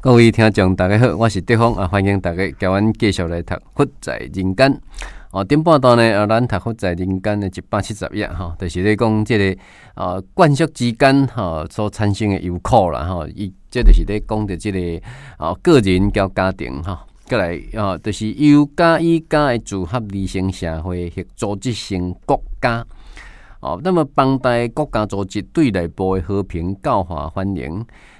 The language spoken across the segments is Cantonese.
各位聽眾，大家好，我是德風，啊，歡迎大家甲阮繼續來讀《佛在人間》。哦，頂半段呢，啊，咱讀《佛在人間》的一百七十頁，吼，著是咧講即個哦，眷屬之間吼所產生嘅憂苦啦，吼、哦，伊即著是咧講到即個哦，個人甲家庭，吼、哦，擱來啊，著、哦就是由家依家嘅組合而成社會去組織成國家。哦，那麼幫帶國家組織對內部嘅和平教化，歡迎。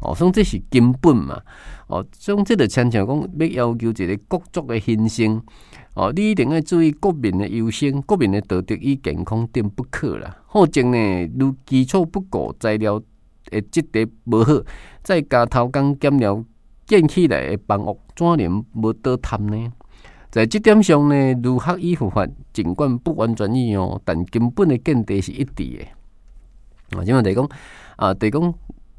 哦，所以這是根本嘛。哦，所以呢就親像講，欲要求一個國族嘅興盛。哦，你一定要注意國民嘅優先，國民嘅道德與健康點不可啦。否則呢，如基礎不固，材料誒質地無好，再加偷工減料建起來嘅房屋，怎能無倒塌呢？在即點上呢，如何以互換，盡管不完全一樣，但根本嘅建地是一致嘅。啊，即問就是講，啊就是講。就是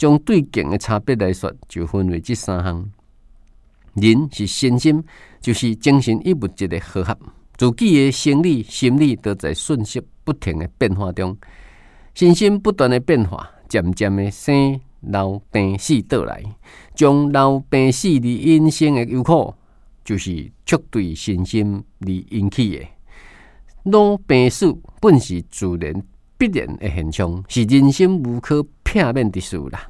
將對境嘅差別來說，就分為這三項。人是身心，心，就是精神與物質的和諧。自己嘅生理、心理都在瞬息不停嘅變化中，身心，心不斷嘅變化，漸漸嘅生老病死到來。將老病死而引生嘅憂苦，就是絕對身心而引起嘅。老病死本是自然必然嘅現象，是人生無可避免的事啦。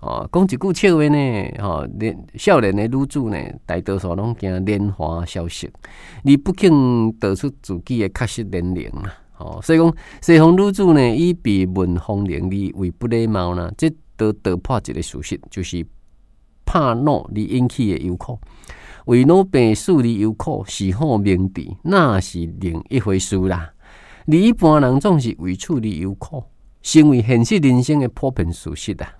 哦，講一句笑話呢，哈，少年的女子呢，大多數攏驚年華消逝，而不肯道出自己嘅確實年齡啊。哦，所以講，西方女子呢，以被問風凌厲為不禮貌啦，這都打破一個事實，就是怕鬧而引起嘅憂苦，為老病死而憂苦，是好面敵，那是另一回事啦、啊。而一般人總是為處理憂苦，成為現實人生嘅普遍事實啦、啊。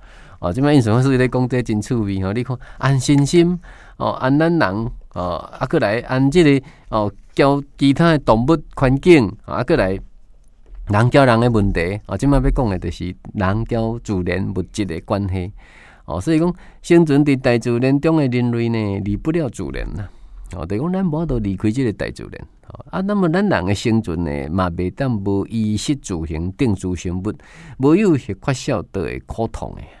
哦，即擺因什麼說以咧講這個真趣味吼？汝、哦、看，安猩心，心哦，安咱人哦，啊，還閣來安即、這個哦，交其他嘅動物環境啊，還閣來人交人嘅問題哦，即擺要講嘅就是人交自然物質嘅關係哦，所以講生存佇大自然中嘅人類呢，離不了自然啦。哦，等於講咱無法度離開即個大自然。啊，那麼咱人嘅生存呢，嘛未當無衣食住行、定住行物，無有些缺少倒會苦痛嘅。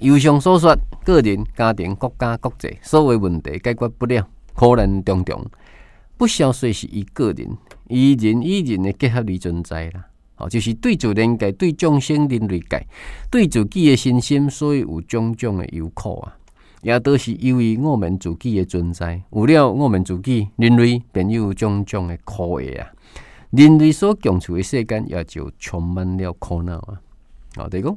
由上所說，個人、家庭、國家、國際，所有問題解決不了，可能重重，不消說是一個人，以人與人嘅結合而存在啦。哦、就是對自然界、對眾生人類界，對自己嘅身心，所以有種種嘅苦啊。也都是由於我們自己嘅存在，有了我們自己人類，便有種種嘅苦嘅啊。人類所共處嘅世間，也就充滿了苦惱啊。好、哦，第二個。